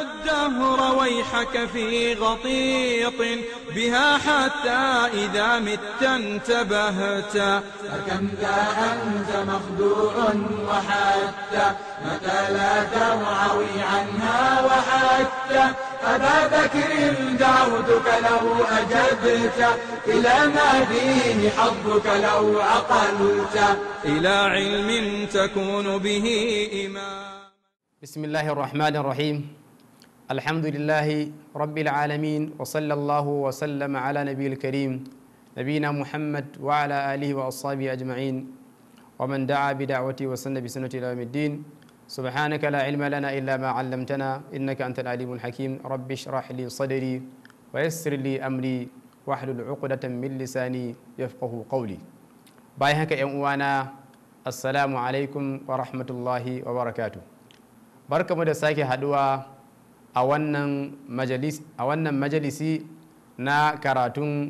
الدهر ويحك في غطيط بها حتى إذا مت انتبهت فكم ذا أنت مخدوع وحتى متى لا ترعوي عنها وحتى أبا بكر دعوتك لو أجبت إلى ما فيه حظك لو عقلت إلى علم تكون به إمام بسم الله الرحمن الرحيم الحمد لله رب العالمين وصلى الله وسلم على نبي الكريم نبينا محمد وعلى آله وأصحابه أجمعين ومن دعا بدعوتي وسن بسنة إلى يوم الدين سبحانك لا علم لنا إلا ما علمتنا إنك أنت العليم الحكيم رب اشرح لي صدري ويسر لي أمري واحلل عقدة من لساني يفقه قولي بايهك يا أموانا السلام عليكم ورحمة الله وبركاته بركة مدساكي هدوى a wannan majalisi na karatun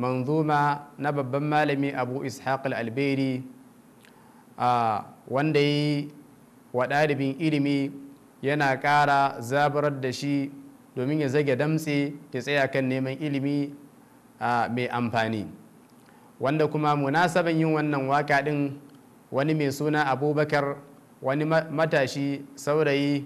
manzuma na babban malami abu ishaq al-alberi wanda yi wa ɗalibin ilimi yana ƙara zabarar da shi domin ya zage damtse ya tsaya kan neman ilimi mai amfani wanda kuma munasaban yin wannan waka ɗin wani mai suna abubakar wani matashi saurayi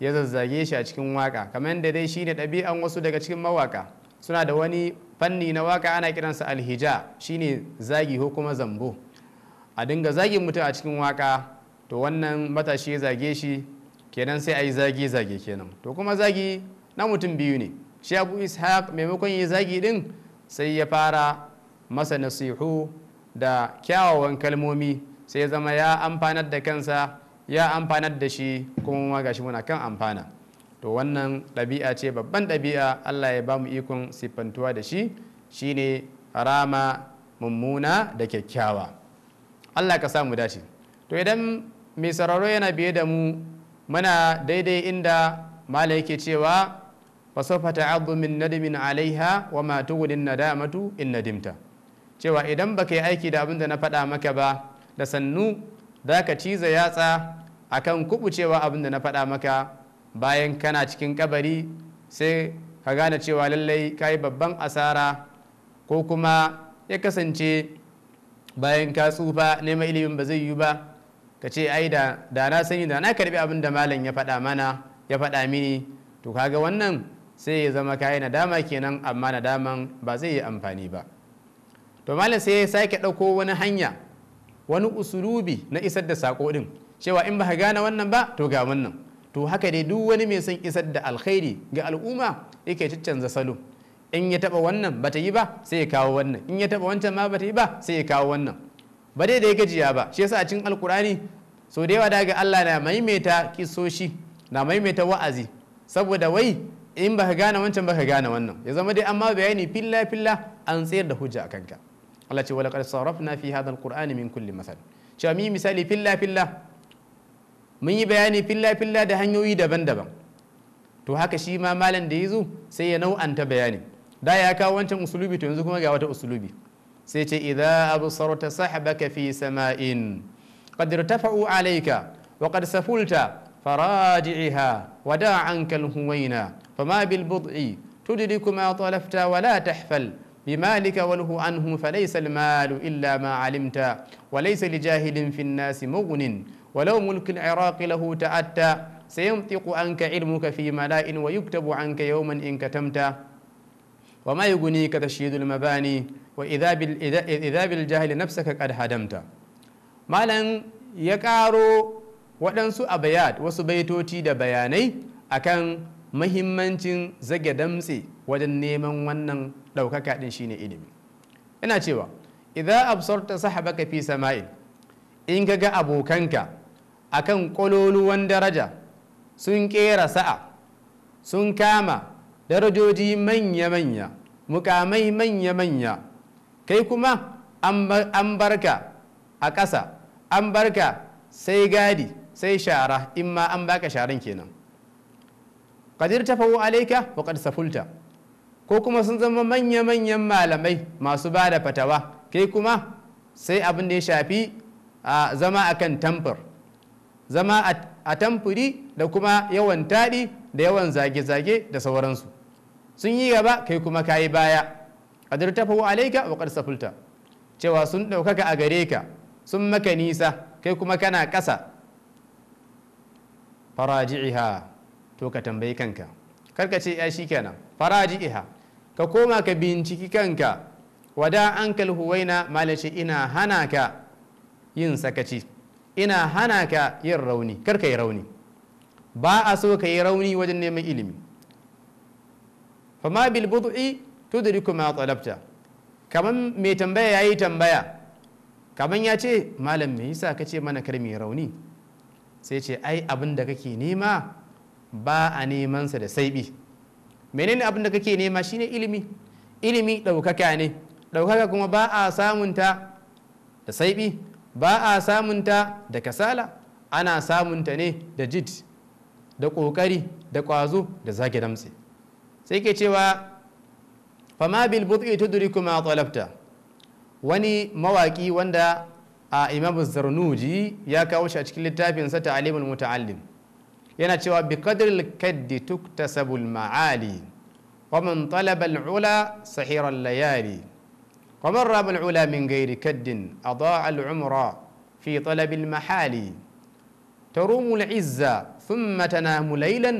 ya zazzage shi a cikin waka kamar yadda dai shi shine ɗabi'an wasu daga cikin mawaka suna da wani fanni na waka ana kiransa alhija shine zagi ko kuma zambo a dinga zagin mutum a cikin waka to wannan matashi ya zage shi kenan sai a yi zagi zage kenan to kuma zagi na mutum biyu ne shi abu ishaq maimakon yi zagi din sai ya fara masa nasihu da kyawawan kalmomi sai ya zama ya amfanar da kansa ya amfanar da shi kuma gashi muna kan amfana to wannan ɗabi'a ce babban ɗabi'a allah ya ba mu ikon siffantuwa da shi shine rama mummuna da kyakkyawa allah ka samu dace to idan mai sararo yana biye da mu muna daidai inda mala yake cewa fasofa ta'addu min nadimin alaiha wa ma tughni nadamatu in nadimta cewa idan baka yi aiki da abin da na faɗa maka ba da sannu Za ka ciza yatsa a kan kubucewa abin da na faɗa maka bayan kana cikin kabari sai ka gane cewa lallai ka yi babban asara ko kuma ya kasance bayan ka tsufa nema ilimin ba zai yi ba ka ce ai da da na sani da na karbi abin da malam ya faɗa mana ya faɗa mini to kaga wannan sai ya zama kayi nadama kenan amma nadaman ba zai yi amfani ba to malam sai ya sake ɗauko wani hanya wani usulubi na isar da sako din cewa in baka gane wannan ba to ga wannan to haka dai duk wani mai son isar da alkhairi ga al'umma yake ciccanza salo in ya taba wannan bata yi ba sai ya kawo wannan in ya taba wancan ma bata yi ba sai ya kawo wannan ba dai da ya gajiya ba shi yasa a cikin alkurani so da yawa daga Allah na maimaita kisoshi na maimaita wa'azi saboda wai in baka gane wancan baka gane wannan ya zama dai amma bayani filla filla an tsayar da hujja a kanka Allah ce wala qad na fi hadha kur'ani min kulli masal cewa misali filla filla mun yi bayani filla filla da hanyoyi daban-daban to haka shi ma malam da ya zo sai ya nau'anta bayani da ya kawo wancan usulubi to yanzu kuma ga wata usulubi sai ce idza absarta sahbaka fi sama'in qad irtafa'u alayka wa qad safulta فراجعها ودع عنك الهوينا فما بالبضع تدرك ما طلبت ولا تحفل بمالك وله عنه فليس المال إلا ما علمت وليس لجاهل في الناس مغن ولو ملك العراق له تأتى سينطق عنك علمك في ملاء ويكتب عنك يوما إن كتمت وما يغنيك تشييد المباني وإذا إذا بالجاهل نفسك قد هدمت مالا يكارو waɗansu abayat wasu baitoci da bayanai akan mahimmancin zage damtse wajen neman wannan ɗaukaka ɗin ne ilimi ina cewa idan absorta sahabaka fi sama'in in ka ga abokanka akan kololuwan daraja sun kera sa'a sun kama darajoji manya-manya mukamai manya-manya kai kuma an barka a ƙasa an barka sai gadi sai shara in ma an baka sharan kenan qadir tafawu alayka wa qad safulta ko kuma sun zama manya-manyan malamai masu ba da fatawa kai kuma sai abin da ya shafi a zama akan tamfur zama a tamfuri da kuma yawan taɗi da yawan zage-zage da sauransu sun yi gaba kai kuma ka yi baya ƙadir tafawo alaika wa ƙarsa fulta cewa sun ɗaukaka a gare ka sun maka nisa kai kuma kana ƙasa faraji'iha to ka tambayi kanka karka ce ya shi kenan faraji'iha ka koma ka binciki kanka wada an kalhuwaina malace ina hana ka yin sakaci ina hana ka yin rauni kar yi rauni ba a so ka yi rauni wajen neman ilimi fama bil bud'i tudriku ma talabta kaman mai tambaya yayi tambaya kaman ya ce malam me yasa ka ce mana kar rauni sai ce ai abin da kake nema ba a neman sa da saibi menene abin da kake nema shine ilimi ilimi ɗaukaka ne ɗaukaka kuma ba a samunta da saiɓi ba a samunta da kasala ana samunta ne da jid da ƙoƙari da ƙwazo da zage damtse sai ke cewa fama bil buɗi tudriku ma talabta wani mawaƙi wanda a imam zarnuji ya kawo shi a cikin littafinsa ta alimul muta'allim yana cewa bi kadril kaddi tuktasabul ma'ali wa man talaba al'ula sahira layali wa man raba al'ula min ghairi kaddin adaa al'umra fi talab al-mahali tarumu al'izza thumma tanamu laylan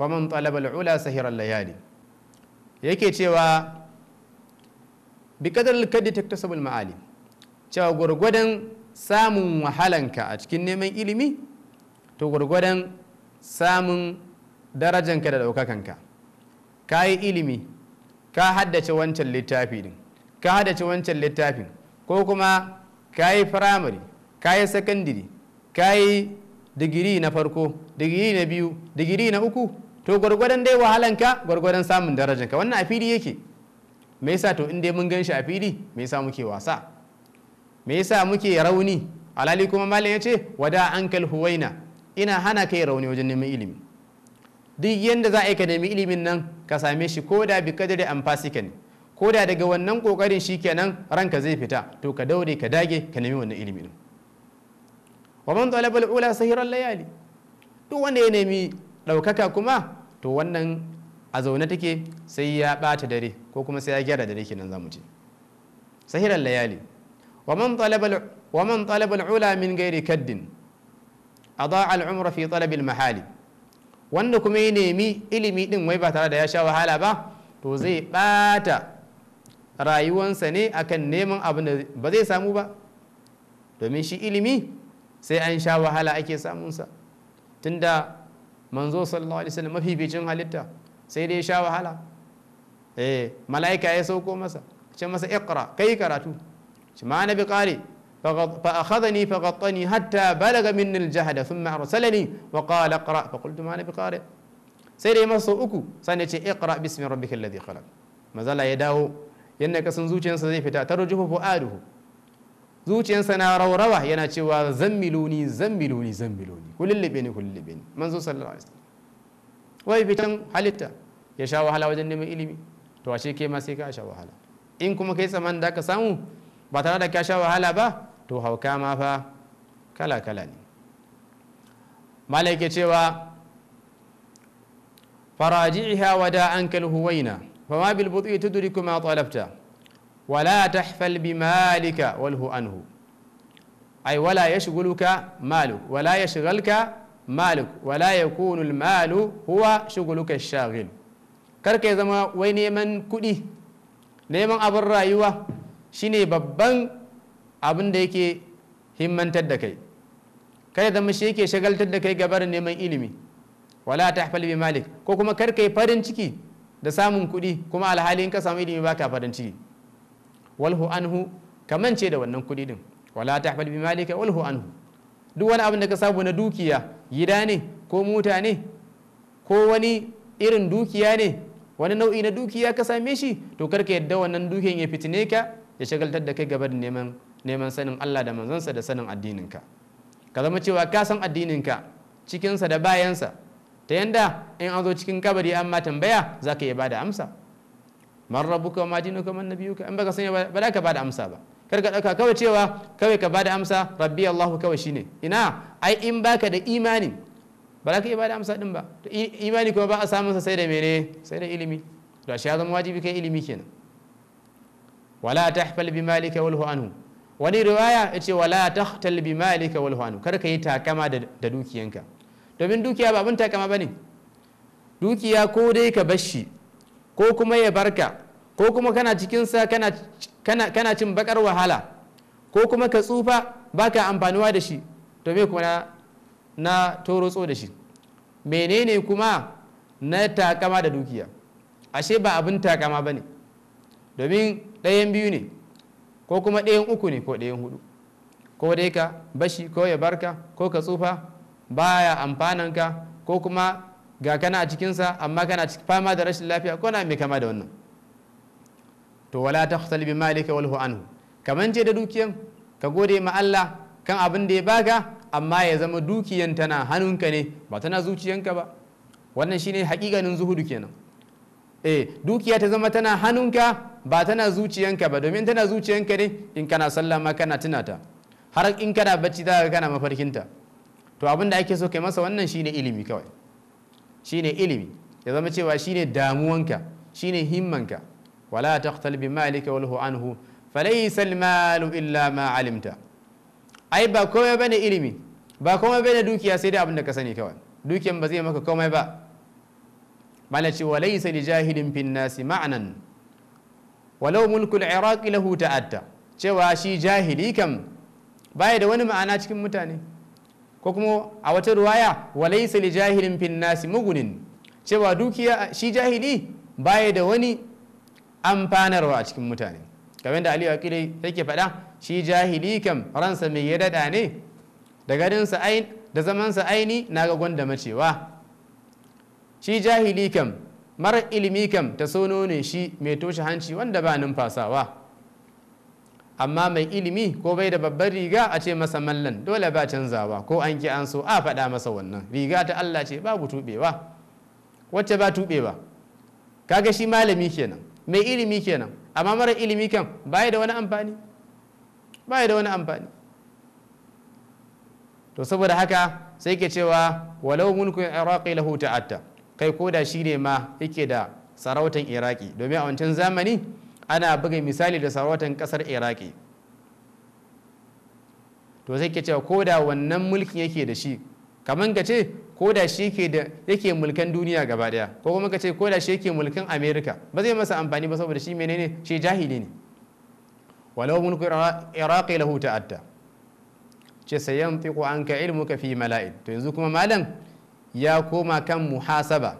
wa man talaba al'ula sahira layali yake cewa bi kadril kaddi tuktasabul ma'ali cewa gwargwadon samun wahalanka a cikin neman ilimi to gwargwadon samun darajanka da ɗaukakanka ka yi ilimi ka haddace wancan littafi din ka haddace wancan littafin ko kuma ka yi firamare ka yi sakandiri ka yi digiri na farko digiri na biyu digiri na uku to gwargwadon dai wahalanka gwargwadon samun darajanka wannan a fili yake me yasa to in dai mun gan shi a fili me yasa muke wasa me yasa muke rauni alali kuma malam ya ce wada ankal huwaina ina hana kai rauni wajen neman ilimi duk yadda za a yi ka nemi ilimin nan ka same shi ko da bi kadari an ka ne ko da daga wannan kokarin shi kenan ranka zai fita to ka daure ka dage ka nemi wannan ilimin wa man talabal ula sahiran layali duk wanda ya nemi ɗaukaka kuma to wannan a zaune take sai ya ɓata dare ko kuma sai ya gyara dare kenan zamu ce sahiran layali wa man talabal ula min gairi kaddin adaa al'umra fi talabil mahali wanda kuma ya nemi ilimi din wai ba tare da ya sha wahala ba to zai bata rayuwansa ne akan neman abin da ba zai samu ba domin shi ilimi sai an sha wahala ake samunsa tunda manzo sallallahu alaihi wasallam mafificin halitta sai dai sha wahala eh mala'ika ya sauko masa ce masa iqra kai karatu shi ma bi qari فأخذني فغطني حتى بلغ مني الجهد ثم أرسلني وقال اقرأ فقلت ما أنا بقارئ sai da ya masa uku sannan ce iqra bismi rabbikal ladhi khalaq mazala ya dawo yanda kasan zuciyarsa zai fita tarjufu fuaduhu zuciyarsa na raurawa yana cewa zammiluni zammiluni zammiluni kullibe ni kullibe ni manzo sallallahu alaihi wasallam wai fitan halitta ya sha wahala wajen neman ilimi to ashe ke ma sai ka sha wahala in kuma kai tsaman da ka samu ba tare da ka sha wahala ba to hauka ma fa kala-kala ne malaike cewa faraji iha wada an kalhuwaina fa ma bilbutu ita duri kuma tsalabta wala ta bi malika walhu anhu ay wala ya shiguluka maluk wala ya shigalka maluk wala ya kunu malu huwa shiguluka shagil karka zama wai neman kuɗi neman abin rayuwa shine babban abin da yake himmantar da kai kada zama shi yake shagaltar da kai gabar neman ilimi wala tahfal bi malik ko kuma kar kai farin ciki da samun kuɗi kuma alhali in ka samu ilimi baka farin ciki walhu anhu ce da wannan kuɗi din wala tahfal bi malik walhu anhu duk wani abin da ka samu na dukiya gida ne ko mota ne ko wani irin dukiya ne wani nau'i na dukiya ka same shi to kar ka yadda wannan dukiyan ya fitine ka ya shagaltar da kai gabar neman neman sanin Allah da manzansa da sanin addininka ka zama cewa ka san addininka cikinsa da bayansa ta yanda in an zo cikin kabari amma tambaya za ka iya bada amsa man rabbuka ma dinuka man nabiyuka in baka sanya ba za ka bada amsa ba kar ka dauka kawai cewa kawai ka bada amsa rabbi Allahu kawai shine ina ai in baka da imani ba za ka iya bada amsa din ba to imani kuma ba a samun sa sai da mene sai da ilimi to ashe ya zama wajibi kai ilimi kenan wala tahfal bi malika walhu anhu wani riwaya ya ce wala ta talibi malika wal hanu kar ka yi takama da dukiyanka domin dukiya ba abin takama bane dukiya ko dai ka bashi ko kuma ya barka ko kuma kana cikinsa kana cin bakar wahala ko kuma ka tsufa baka amfaniwa da shi to me kuma na torotso da shi menene kuma na takama da dukiya ashe ba abin takama bane domin ɗayan biyu ne ko kuma ɗayan uku ne ko ɗayan hudu ko dai ka bashi ko ya barka ko ka tsufa baya amfanan ka ko kuma ga kana a cikinsa amma kana fama da rashin lafiya ko na mai kama da wannan to wala ta tahtal bi malika walhu anhu kaman ce da dukiyan ka gode ma Allah kan abin da ya baka amma ya zama dukiyan tana hannunka ne ba tana zuciyanka ba wannan shine hakikanin zuhudu kenan eh dukiya ta zama tana hannunka ba tana zuciyanka ba domin tana zuciyanka ne in kana sallah ma kana tuna ta har in kana bacci za ka kana mafarkinta to abin da ake so kai masa wannan shine ilimi kawai shine ilimi ya zama cewa shine damuwanka shine himmanka wala taqtal bi malika walhu anhu falaysa almalu illa ma alimta ai ba komai bane ilimi ba komai bane dukiya sai dai abin da ka sani kawai dukiyan ba zai maka komai ba malaci walaysa li jahilin fin nasi ma'anan walau mulkul iraq lahu ta'adda, cewa shi jahili kam baya da wani ma'ana cikin mutane ko kuma a wata ruwaya walaysa li jahilin fin nasi mugunin cewa dukiya shi jahili baya da wani amfanarwa a cikin mutane kamar da aliyu akidai yake faɗa shi jahili kam ransa mai ya daɗa ne da garinsa da zamansa aini na ga gwanda macewa shi jahili kam mara ilimi kam ta sono ne shi mai toshe hanci wanda ba numfasawa amma mai ilimi ko bai da babbar riga a ce masa mallan dole ba canzawa ko an ki an so a faɗa masa wannan riga ta Allah ce babu tuɓewa wacce ba tuɓewa kaga shi malami kenan mai ilimi kenan amma mara ilimi kan baya da wani amfani baya da wani amfani to saboda haka sai ke cewa walau mulkun iraqi lahu ta'atta kai ko da shi ne ma yake da sarautan iraki domin a wancan zamani ana buga misali da sarautan kasar iraki to sai ke cewa ko da wannan mulkin yake da shi kamar ka ce ko da shi yake mulkan duniya gaba daya ko kuma ka ce ko da shi yake mulkan america ba zai masa amfani ba saboda shi menene shi jahili ne walau mulku iraki lahu ta'adda ce sayan fiko an ka ilmuka fi mala'id to yanzu kuma malam ya koma kan muhasaba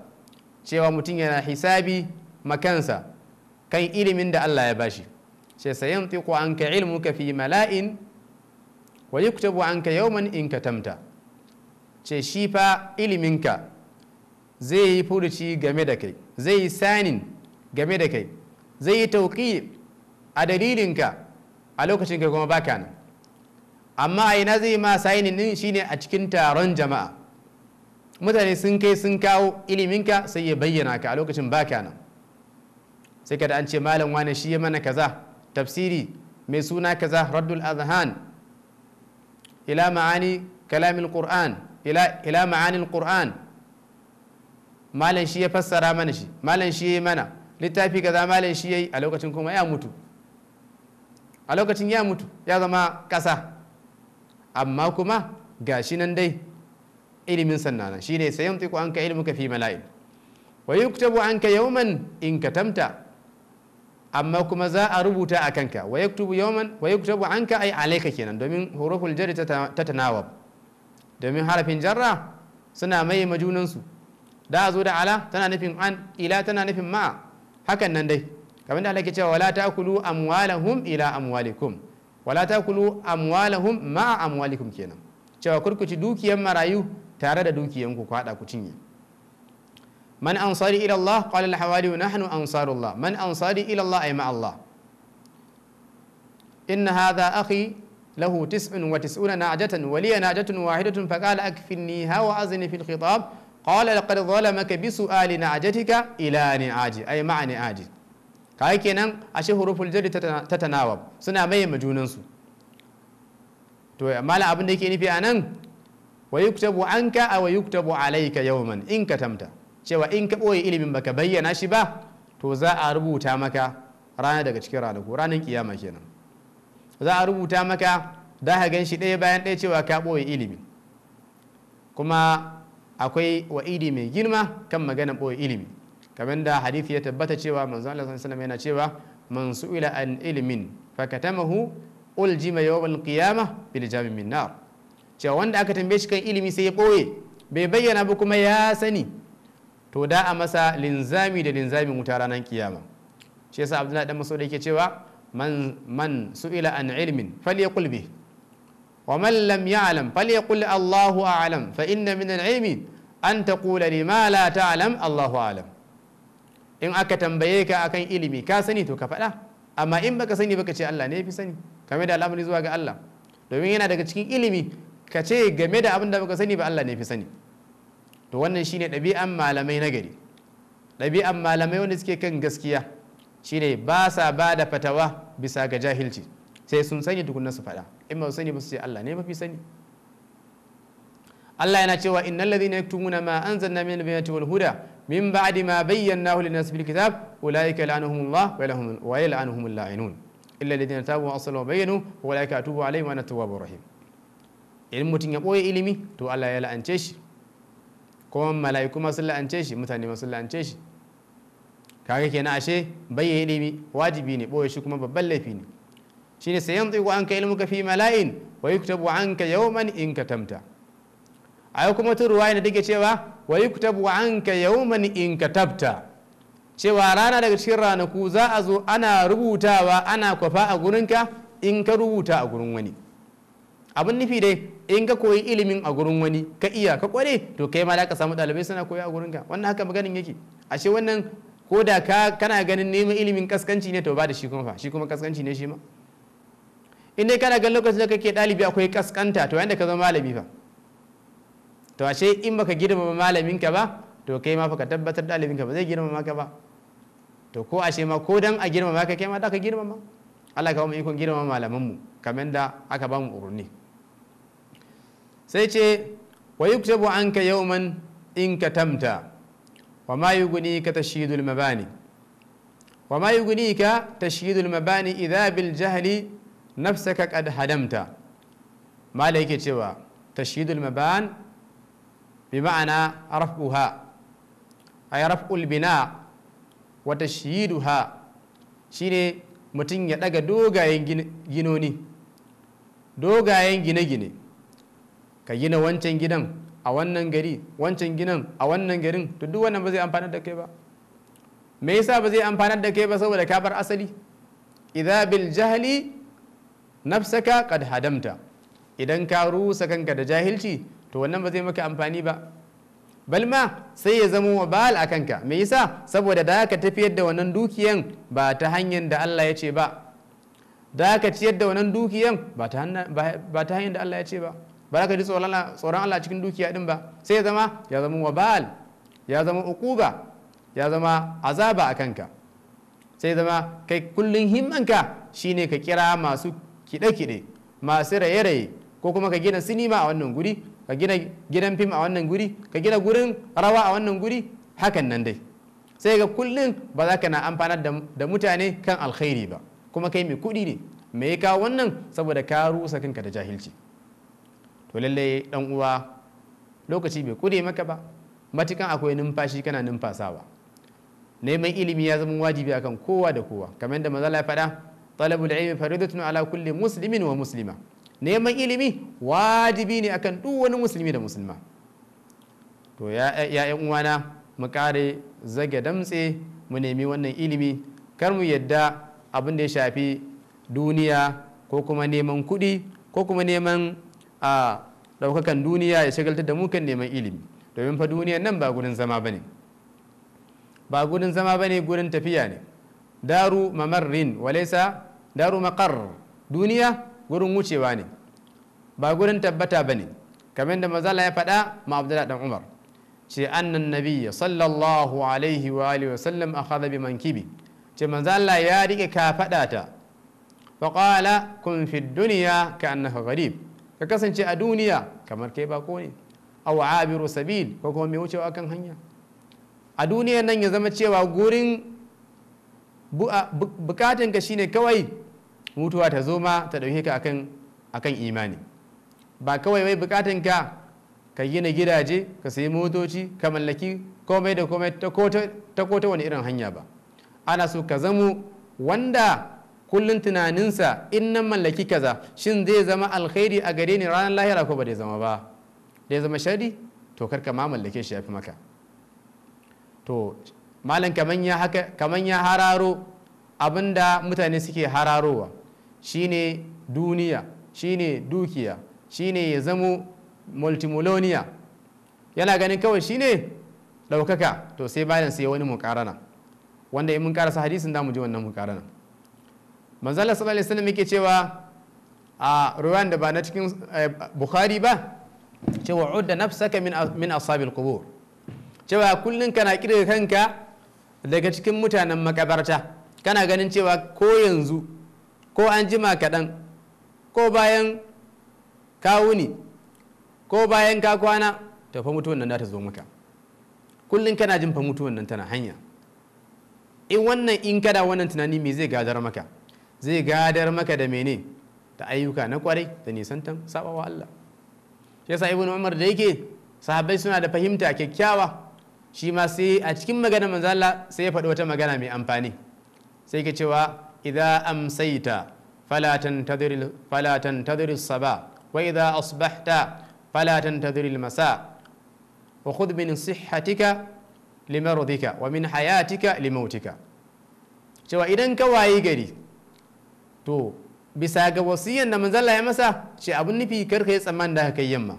cewa mutum yana hisabi makansa kan ilimin da Allah ya bashi sai sayan tiku an ka ka fi mala'in wa kutubu an ka yawman in ka tamta ce shi fa iliminka zai yi furuci game da kai zai yi sanin game da kai zai yi tauki a dalilinka a lokacin kai kuma baka nan amma a ina zai ma sainin din shine a cikin taron jama'a mutane sun kai sun kawo iliminka sai ya bayyana ka a lokacin baka nan sai kada an ce malam wane shi ya mana kaza tafsiri mai suna kaza raddul azhan ila ma'ani kalamin qur'an ila ma'anin qur'an malam shi ya fassara mana shi malam shi ya yi mana littafi kaza malam shi ya yi a lokacin kuma ya mutu a lokacin ya mutu ya zama kasa amma kuma gashi nan dai ilimin shi ne sayan tiku an ka ilmuka fi mala'il wa yuktabu anka yawman in ka tamta amma kuma za a rubuta a kanka wa yaktubu yawman wa yuktabu anka ai alaika kenan domin huruful jari ta tanawab domin harafin jarra suna mai majunan su da a zo da ala tana nufin an ila tana nufin ma hakan nan dai kamar da Allah cewa wala ta taakulu amwalahum ila amwalikum wala ta taakulu amwalahum ma amwalikum kenan cewa kurkuci dukiyar marayu tare da dukiyan ku haɗa ku cinye man ansari ila Allah qala al-hawari nahnu ansarullah man ansari ila Allah ay Allah inna hadha akhi له تسع وتسعون akfinni ولي نعجة واحدة فقال أكفنيها وأزن في الخطاب قال لقد ظلمك بسؤال نعجتك إلى نعاجي أي مع نعاجي كاي كينان أشي حروف الجر Suna سنا مي su. to amma abin da yake nufi a nan wa yuktabu anka aw yuktabu alayka yawman in katamta cewa in ka boye ilimin baka bayyana shi ba to za a rubuta maka rana daga cikin ranaku ranar kiyama kenan za a rubuta maka da ka gan shi ɗaya bayan ɗaya cewa ka ɓoye ilimi kuma akwai wa'idi mai girma kan maganar ɓoye ilimi kamar da hadisi ya tabbata cewa manzo Allah sallallahu alaihi yana cewa man su'ila an ilmin fakatamahu uljima yawmal qiyamah bil min nar cewa wanda aka tambaye shi kan ilimi sai ya ɓoye bai bayyana ba kuma ya sani to da a masa linzami da linzamin wuta ranar kiyama shi yasa abdullahi dan masoda yake cewa man man su'ila an ilmin falyaqul bi wa man lam ya'lam falyaqul Allahu a'lam fa inna min al-ilmi an taqula lima la ta'lam Allahu a'lam in aka tambaye ka akan ilimi ka sani to ka faɗa amma in baka sani baka ce Allah ne ya fi sani kamar da al'amari zuwa ga Allah domin yana daga cikin ilimi ka ce game da abin da muka sani ba Allah ne fi sani to wannan shine ɗabi'an malamai na gari ɗabi'an malamai wanda suke kan gaskiya shine ba sa ba da fatawa bisa ga jahilci sai sun sani tukunna su faɗa in ba su sani ba su ce Allah ne mafi sani Allah yana cewa innal ladhina yaktumuna ma anzalna min al-bayyinati wal huda min ba'di ma bayyanahu lin-nasi bil kitab ulaika la'anahumullah wa yal'anuhumul la'inun illa alladhina tabu wa aslahu wa bayyanu wa ulaika atubu alayhim wa ana at-tawwabur rahim idan mutum ya ɓoye ilimi to Allah ya la'ance shi kuma mala'iku ma sun la'ance shi mutane ma la'ance shi kaga kenan ashe bayyana ilimi wajibi ne ɓoye shi kuma babban laifi ne shine sai yanzu ku anka ilmuka fi mala'in wa yuktabu anka yawman in katamta ayo kuma tun ruwaya da take cewa wa yuktabu anka yawman in katabta cewa rana daga cikin ranaku za a zo ana rubutawa ana kwafa a gurinka in ka rubuta a gurin wani abin nufi dai in ka koyi ilimin a gurin wani ka iya ka kware to kai ma da ka samu dalibai suna koyi a gurin ka wannan haka maganin yake ashe wannan ko da ka kana ganin neman ilimin kaskanci ne to ba da shi kuma fa shi kuma kaskanci ne shi ma in dai kana ganin lokacin da kake dalibi akwai kaskanta to yanda ka zama malami fa to ashe in baka girmama malaminka ba to kai ma fa ka tabbatar ɗalibinka ba zai girmama ka ba to ko ashe ma ko dan a girmama ka kai ma da ka girmama Allah ka ba mu ikon girmama malamanmu kamar da aka ba mu urni sai ce wa yuktabu anka yawman in tamta wa ma yughnika tashyidul mabani wa ma yughnika tashyidul mabani idha bil jahli nafsaka qad hadamta malai yake cewa tashyidul maban bi ma'ana rafuha yi raf'ul bina wa shi shine mutum ya daga dogayen ginoni dogayen gine-gine ka gina wancan gidan a wannan gari wancan ginan a wannan garin to duk wannan ba zai amfanar da kai ba me yasa ba zai amfanar da kai ba saboda ka bar asali idza bil jahli nafsaka qad hadamta idan ka rusa kanka da jahilci to wannan ba zai maka amfani ba balma sai ya zama wabal a kanka me yasa saboda da ka tafiyar da wannan dukiyan ba ta hanyar da Allah ya ce ba da ka ciyar da wannan dukiyan ba ta hanyar da Allah ya ce ba ba ka ji tsoron Allah cikin dukiya din ba sai ya zama ya zama wabal ya zama ukuba ya zama azaba a kanka sai zama kai kullum himmanka shine ka kira masu kide-kide masu raye-raye ko kuma ka gina sinima a wannan guri ka gina gidan fim a wannan guri ka gina gurin rawa a wannan guri hakan nan dai sai ga kullum ba za ka na amfanar da mutane kan alkhairi ba kuma kai mai kudi ne mai ya kawo wannan saboda ka rusa kanka da jahilci to lallai dan uwa lokaci bai kure maka ba matukan akwai numfashi kana numfasawa neman ilimi ya zama wajibi akan kowa da kowa kamar da maza ya faɗa talabul ilmi faridatun ala kulli muslimin wa muslima neman ilimi wajibi ne akan duk wani musulmi da musulma to ya yan uwana mu kare zage damtse mu nemi wannan ilimi kar mu yadda abin da ya shafi duniya ko kuma neman kuɗi ko kuma neman a daukakan duniya ya shagaltar da mu neman ilimi domin fa duniyan nan ba gurin zama ba ne ba gurin zama ba ne gurin tafiya ne daru mamarrin walaisa daru makar duniya gurin wucewa ne ba gurin tabbata ba ne kamar da mazala ya faɗa ma abdullahi dan umar ce annan nabiyya sallallahu alaihi wa alihi wa sallam akhadha bi mankibi ce manzo ya rike ka faɗa ta faƙala kun fi duniya ka annaka gharib ka kasance a duniya kamar kai bako ne wa abiru sabil ko kuma mai wucewa kan hanya a duniya nan ya zama cewa gurin bukatanka shine kawai mutuwa ta zo ma ta dauke ka akan imani ba kawai wai bukatun ka ka gina gidaje ka sayi motoci ka mallaki komai da komai ta ko wani irin hanya ba ana so ka zamo wanda kullum tunaninsa in nan mallaki kaza shin zai zama alkhairi a gare ni ranar lahira ko ba zai zama ba zai zama shari to karka ma mallake shi fi maka to malam kaman ya hararo abinda mutane suke hararowa shine duniya shine dukiya shine ya zamo multimolonia yana ganin kawai shine Ɗaukaka to sai bayan sai wani mukarana wanda in mun karasa hadisin mu ji wannan mukarana manzala sallallahu alaihi wasallam yake cewa a ruwan da ba na cikin eh, bukhari ba cewa udda nafsaka min ashabil qubur cewa kullun kana kirga kanka daga cikin mutanen makabarta kana ganin cewa ko yanzu ko an jima kaɗan ko bayan kawuni ko bayan ka kwana to fa mutuwan nan ta zo maka kullun kana jin fa mutuwan nan tana hanya in wannan in kada wannan tunani me zai gadar maka zai gadar maka da mene da ayyuka na kwarai da nisantan sabawa Allah shi yasa ibnu Umar da yake sahabbai suna da fahimta kyakkyawa shi ma sai a cikin magana manzo Allah sai ya faɗi wata magana mai amfani sai ke cewa idza amsaita fala tantadhir fala tantadhir saba wa idza asbahta fala tantadhir al-masa wa khudh min sihhatika limaradika wa min hayatika limautika cewa idan ka wayi gari to bisa ga wasiyan da manzala ya masa ce abin nufi kar ka yi tsammanin da haka yamma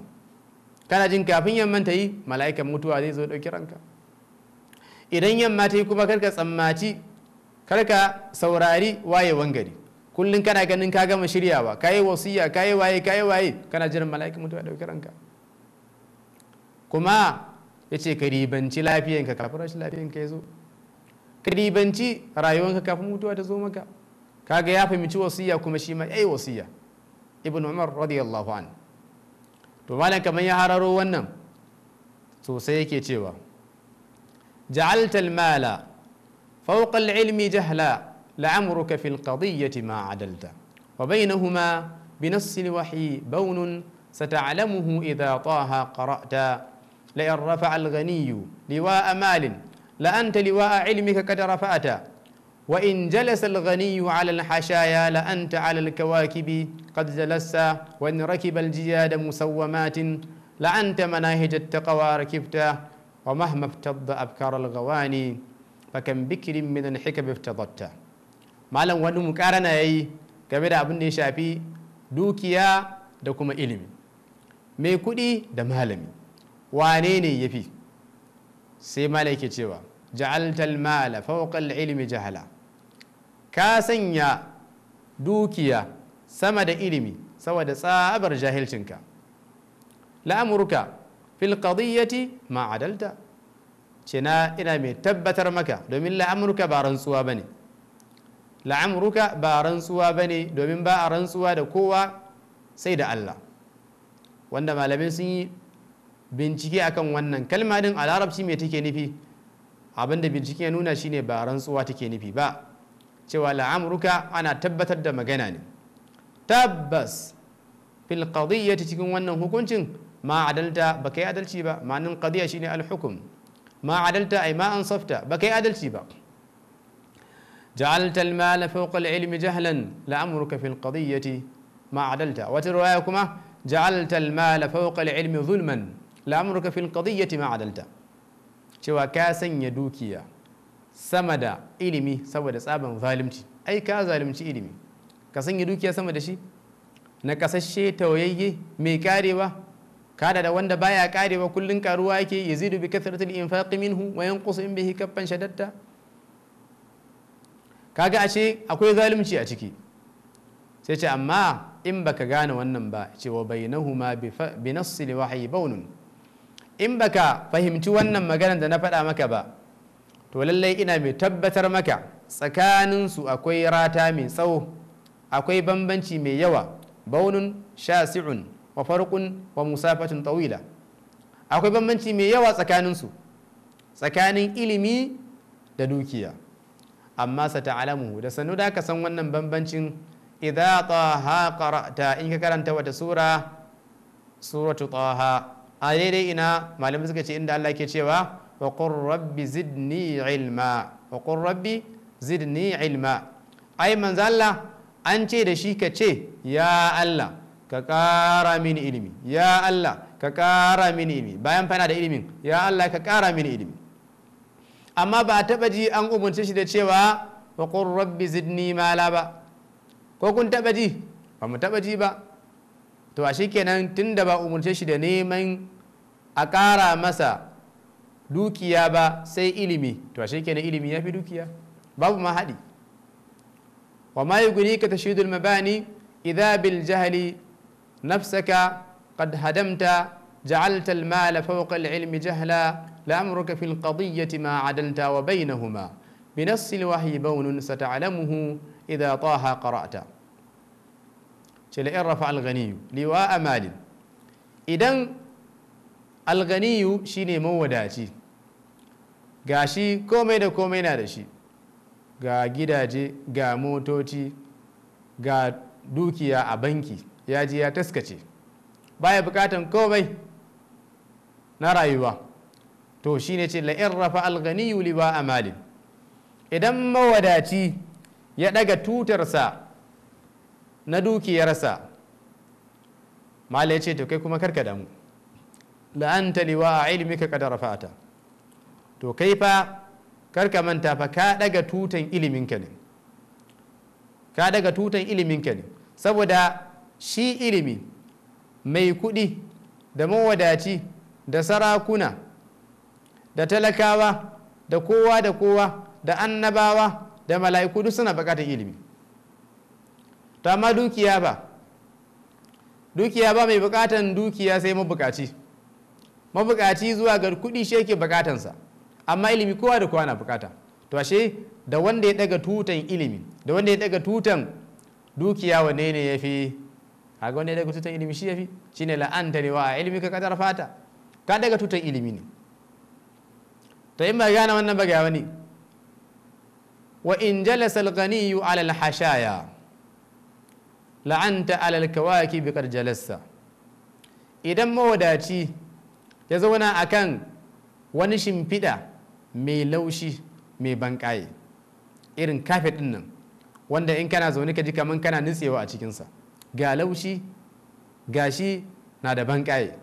kana jin kafin yamman ta yi mala'ikan mutuwa zai zo ɗauki ranka idan yamma ta yi kuma kar ka tsammaci kar ka saurari wayewan gari kullum kana ganin ka gama shiryawa ka yi wasiya ka yi waye ka yi waye kana jiran mala'ikan mutuwa ɗauki ranka kuma ya ce ka ribanci lafiyanka kafin rashin lafiyanka ya zo ka ribanci rayuwanka kafin mutuwa ta zo maka kaga ya fahimci wasiya kuma shi ma yayi wasiya ibn umar radiyallahu an to malam kaman ya hararo wannan to sai yake cewa ja'alta al-mala fawqa al-ilmi jahla la'amruka fil qadiyyati ma adalta wa bainahuma بنص الوحي بون ستعلمه إذا طه قرأت لئن رفع الغني لواء مال لأنت لواء علمك قد رفعت وإن جلس الغني على الحشايا لأنت على الكواكب قد جلست وإن ركب الجياد مسومات لأنت مناهج التقوى ركبت ومهما افتض أبكار الغواني فكم بكر من الحكم افتضت malam wani mukarana ya yi game da abin da ya shafi dukiya da kuma ilimi mai kuɗi da malami wanene ne ya fi sai malai cewa ja'altal mala fawqal ilimi jahala ka sanya dukiya sama da ilimi saboda tsabar jahilcinka la'amurka fil qadiyyati ma adalta cina ina mai tabbatar maka domin la'amurka ba rantsuwa bane la'amurka ba rantsuwa bane domin ba a rantsuwa da kowa sai da Allah wanda malamin sun yi bincike akan wannan kalma din a larabci me take nufi abinda bincike ya nuna shine ba rantsuwa take nufi ba cewa la'amruka ana tabbatar da magana ne tabbas fil qadiyyati cikin wannan hukuncin ma adalta ba kai adalci ba ma'anin qadiyya shine al-hukum ma adalta ay ma ansafta ba kai adalci ba جعلت المال فوق العلم جهلا ilmi jahlan la'amruka fil qadiyyati ma adalta wata riwaya kuma ja'alta al-mala fawqa al-ilmi zulman la'amruka fil qadiyyati sama da ilimi saboda tsaban zalimci ai ka zalimci ilimi ka sanya dukiya sama da shi na kasashe tauyayye mai karewa kada da wanda baya karewa kullun karuwa yake yazidu bi kathratil infaqi minhu wa yanqusu in bihi kaffan shadatta kaga ce akwai zalunci a ciki sai ce amma in baka gane wannan ba cewa bainahuma bi nassil wahyi baunun in baka fahimci wannan maganar da na faɗa maka ba to lallai ina mai tabbatar maka tsakaninsu akwai rata mai tsawo akwai bambanci mai yawa baunin shasi'un wa farkun wa musafatun tawila akwai bambanci mai yawa tsakaninsu tsakanin ilimi da dukiya amma sata'alamu da sanu da ka san wannan bambancin idza taha qara'ta in ka karanta wata sura suratu taha a daidai ina malamai suka ce inda Allah ke cewa wa qur rabbi zidni ilma wa qur rabbi zidni ilma ai manzo Allah an ce da shi ka ce ya Allah ka ƙara mini ilimi ya Allah ka ƙara mini ilimi bayan fana da ilimin ya Allah ka ƙara mini ilimi amma ba a taɓa ji an umarci shi da cewa wa rabbi zidni mala ba ko kun ji ba mu ji ba to a kenan tun da ba umarce shi da neman a ƙara masa dukiya ba sai ilimi to ashe kenan ilimi ya fi dukiya babu ma haɗi wa ma ka tashidul mabani idha bil jahli nafsaka qad hadamta ja'alta al mal fawqa al ilmi jahla la amruka لأمرك في القضية ما عدلت وبينهما بنص الوحي بون ستعلمه إذا طه قرأت إن رفع الغني لواء مال إذن الغني شيني موداتي ga shi komai da komai na da shi ga gidaje ga motoci ga dukiya a banki ya ji ya taskace baya bukatan komai na rayuwa to shi ne ce la'in rafa alganiyu liba malin idan mawadaci ya daga tutarsa na dukiyarsa malai ce to kai kuma karka damu la'anta liwa a ilimi ka kadar fata to kai fa karka manta fa ka daga tutan iliminka ne ka daga tutan iliminka ne saboda shi ilimi mai kuɗi da mawadaci da sarakuna da talakawa da kowa da kowa da annabawa da mala'iku duk suna bukatar ilimi to amma dukiya ba dukiya ba mai bukatan dukiya sai mabukaci mabukaci zuwa ga kuɗi shi yake bukatansa amma ilimi kowa da kowa na bukata to ashe da wanda ya daga tutan ilimi da wanda ya daga tutan dukiya wanne ne yafi haka wanda ya daga tutan ilimi shi yafi shine la'anta ne wa ilimi ka kadar fata ka daga tutan ilimi ne to in bai gane wannan ba wani wa in jalasa al-ghaniyyu ala al-hashaya la'anta ala al-kawakib qad jalasa idan mawadaci ya zauna akan wani shimfiɗa mai laushi mai banƙaye irin kafe ɗin nan wanda in kana zaune ka ji kamar kana nutsewa a cikinsa ga laushi ga shi na da banƙaye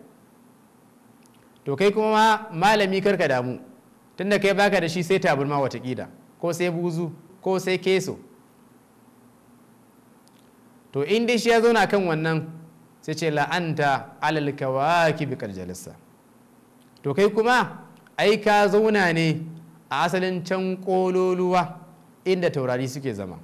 to kai kuma ma malami karka damu tunda kai baka da shi sai taburma watakila ko sai buzu ko sai keso to in dai shi ya zauna kan wannan sai ce la'anta alal kawaki bi to kai kuma ai ka zauna ne a asalin can kololuwa inda taurari suke zama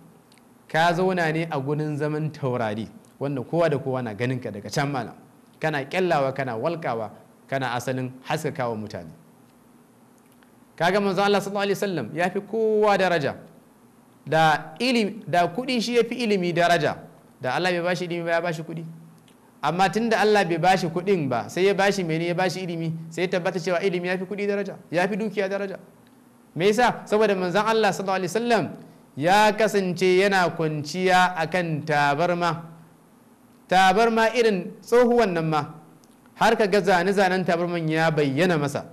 ka zauna ne a gurin zaman taurari wanda kowa da kowa na ganin ka daga can malam kana kyallawa kana walkawa kana asalin haskakawa mutane kaga manzo Allah sallallahu alaihi wasallam ya fi kowa daraja da ilimi da kuɗi shi ya fi ilimi daraja da Allah bai bashi ilimi ba ya bashi kuɗi amma tunda Allah bai bashi kuɗin ba sai ya bashi mene ya bashi ilimi sai ya tabbata cewa ilimi ya fi kuɗi daraja ya fi dukiya daraja me yasa saboda manzon Allah sallallahu alaihi wasallam ya kasance yana kwanciya akan tabarma tabarma irin tsohuwan nan ma har ka ga zane-zanen tabarman ya bayyana masa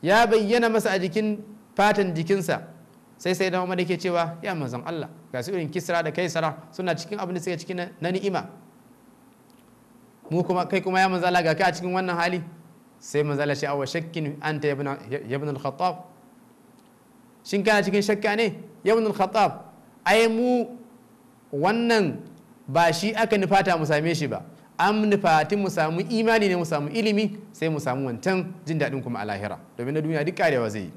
ya bayyana masa a jikin fatan jikinsa sai sai da ke cewa ya manzon Allah ga su irin kisra da kaisara suna cikin abin da suke cikin na ni'ima mu kuma kai kuma ya manzala ga kai a cikin wannan hali sai manzala shi awa shakkin anta ibn al-khattab shin kana cikin shakka ne yabin al-khattab ai mu wannan ba shi aka nufata mu same shi ba an nufati mu samu imani ne mu samu ilimi sai mu samu wancan jin daɗin kuma a lahira domin na duniya duk karewa zai yi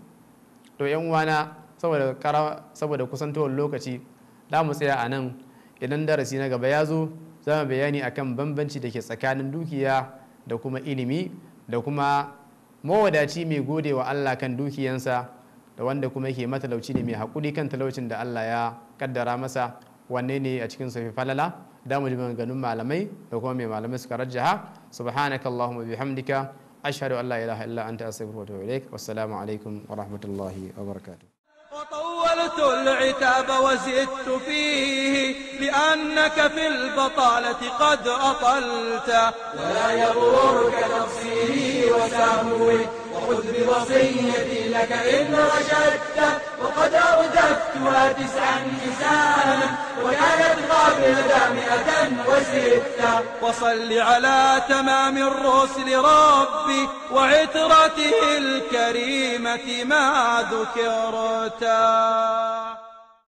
to yan uwana saboda saboda kusantowar lokaci da mu tsaya a nan idan darasi na gaba ya zo za mu bayani akan bambanci da ke tsakanin dukiya da kuma ilimi da kuma mawadaci mai gode wa Allah kan dukiyansa da wanda kuma yake matalauci ne mai haƙuri kan talaucin da Allah ya kaddara masa wanne ne a cikin safi falala da mu jima ganin malamai da kuma mai malamai suka rajaha subhanaka allahumma bihamdika ashhadu an la ilaha illa anta astaghfiruka wa atubu ilaik wassalamu alaikum wa rahmatullahi wa barakatuh أخذت العتاب وزدت فيه لأنك في البطالة قد أطلت ولا يغرك تقصيري وسهوي وخذ بوصيتي إنك إن رشدت وقد أردفت وتسعا حسانا وكانت قابلة مئة وستة وصل على تمام الرسل ربي وعترته الكريمة ما ذكرتا